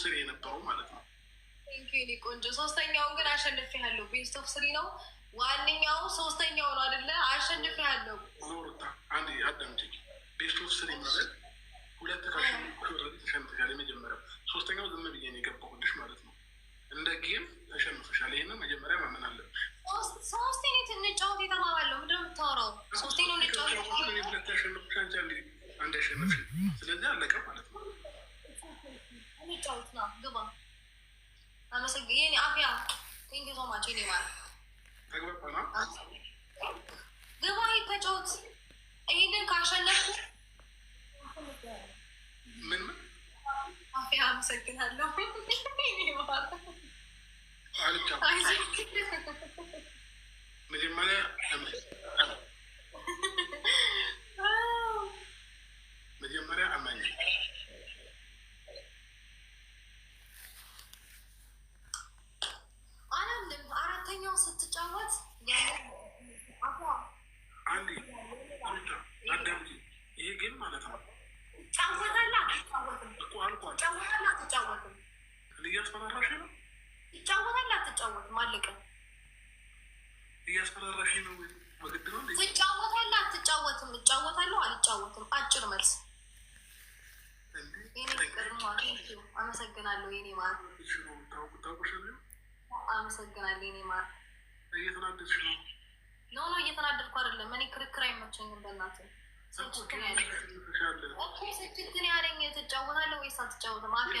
ስሪ የነበረው ማለት ነው። ቆንጆ ሶስተኛውን ግን አሸንፍ ያለው ቤስት ኦፍ ስሪ ነው። ዋነኛው ሶስተኛው ነው አደለ? አሸንፍ ያለው ኖርታ አንድ አዳምጪኝ። ቤስት ኦፍ ስሪ ማለት ሁለት ተሸንፈሻል። የመጀመሪያው ሶስተኛው ዝም ብዬ ነው የገባሁልሽ ማለት ነው። እንደ ጌም ተሸንፍሻል። ይህን መጀመሪያ ማመን አለብሽ። ሶስቴ ትንጫወት የተማባለው ምንድን ነው የምታወራው? ሶስቴ ነው ንጫወት ሁለት ያሸንፍሽ አንድ ያሸንፍሽ። ስለዚህ አለቀም እንጫወት ና ግባ። አመሰግ ይኔ አፍያ ቴንኪ ሶማች ኔ ማለት ግባ ተጫወት። ይህንን ካሸነፍኩ ምን አፍያ አመሰግናለሁ። ትጫወታለህ አትጫወትም? እጫወታለሁ አልጫወትም? አጭር መልስ። አመሰግናለሁ የኔ ማር፣ አመሰግናለሁ የኔ ማር። ኖ ኖ እየተናደድኩ አይደለም። እኔ ክርክር አይመቸኝም። በእናትህ ስልችትን ያለኝ ትጫወታለህ ወይስ አትጫወትም? አፍያ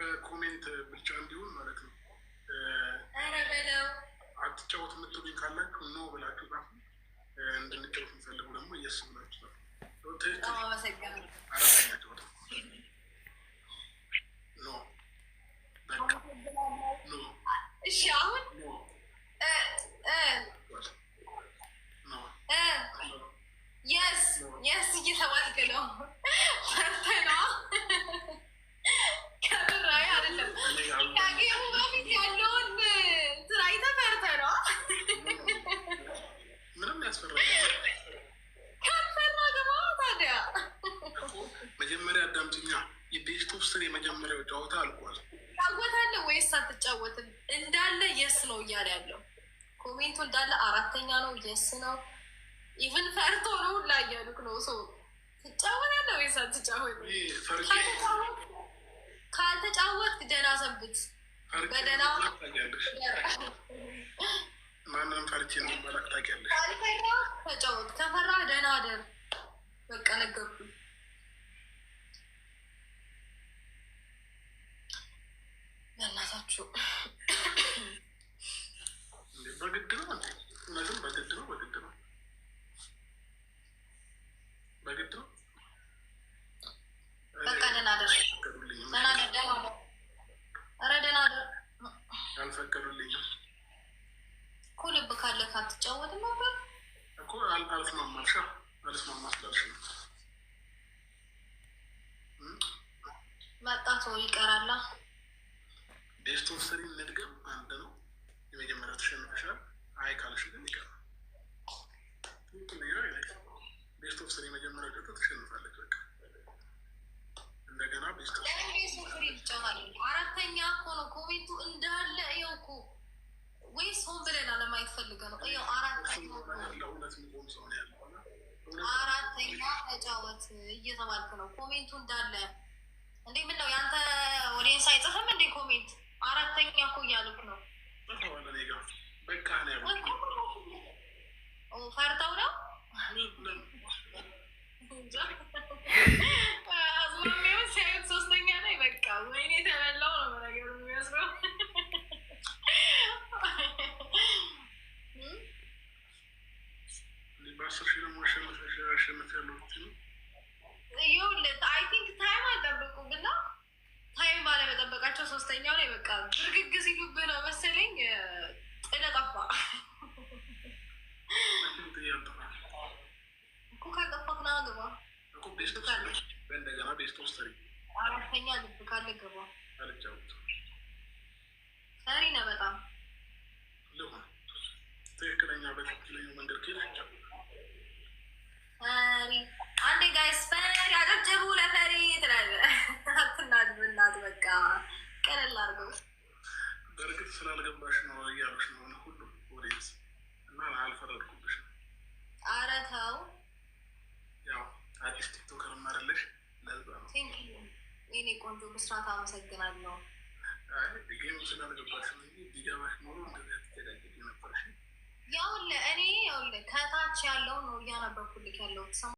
በኮሜንት ብቻ እንዲሆን ማለት ነው። አትጫወት የምትሉኝ ካላችሁ ኖ ብላችሁ ጻፉ። እንድንጫወት የምፈልጉ ደግሞ የስ ብላችሁ ጻፉ። አሁን የስ የስ እየተባልክ ነው። ፈርተና ከብራዊ አይደለም ከጌሙ በፊት ያለውን ትራይተ ፈርተና ምንም ያስፈራ ካልፈራ ገባ ታዲያ መጀመሪያ አዳምጭኛ የቤት ውስጥን የመጀመሪያው ጨዋታ አልቋል። ትጫወታለህ ወይስ አትጫወትም? እንዳለ የስ ነው እያለ ያለው ኮሜንቱ እንዳለ አራተኛ ነው የስ ነው ኢቨን ፈርቶ ነው ሁላ እያልኩ ነው። ሰው ትጫወታለህ ወይስ አትጫወት? ካልተጫወት ደህና ሰንብት። በደህና ማንም ፈርቼ መላክ ታውቂያለሽ። ተጫወት፣ ከፈራ ደህና ደር። በቃ ነገርኩኝ። አልስማማልሻ አልስማማ ስላልሽ ነው። መጣቶ ይቀራላ ቤስቶ ስሪ እንድገም አንድ ነው። የመጀመሪያ ተሸንፈሻል። አይ ካልሽ ግን ይቀራል። ቤስቶ ስሪ መጀመሪያ ገብቶ ተሸንፋለች። በቃ እንደገና ቤስቶ ስሪ አራተኛ እኮ ነው ኮሜንቱ እንዳለ ያው እኮ ወይስ ሆን ብለን አለማየት ፈልገ ነው እየው ተጫወት እየተባልክ ነው። ኮሜንቱ እንዳለ እንዴ ምን ነው የአንተ ወዴንስ አይጽፍም እንዴ ኮሜንት? አራተኛ እኮ እያሉት ነው። ፈርተው ነው አዝማሚያውን ሲያዩት ሶስተኛ ላይ በቃ ወይኔ ተበላው ነው ነገሩ የሚመስለው። በአስር ሺህ ደግሞ ማሸነፍ ያለው ነው። አይ ቲንክ ታይም አልጠበቁም እና ታይም ባለመጠበቃቸው ሶስተኛው ላይ በቃ ብርግግ ሲሉብህ ነው መሰለኝ ጥለ ጠፋ እኮ ካጠፋክ ና ግባ። እንደገና ቤስት አራተኛ ልብ ካለ ግባ በእርግጥ ስላልገባሽ ነው እያሉሽ ነው ሁሉ ወሬስ እና አልፈረድኩብሽም። ኧረ ተው ያው አዲስ ቲክቶከር መርልሽ ለዛ ነው። የእኔ ቆንጆ ብስራት አመሰግናለሁ። ጌም ስላልገባሽ ነው እንጂ ቢገባሽ ኖሮ እንደዚያ ትዘጋጅ ነበርሽ። ያው እኔ ያው ከታች ያለው ነው እያነበብኩልክ ያለው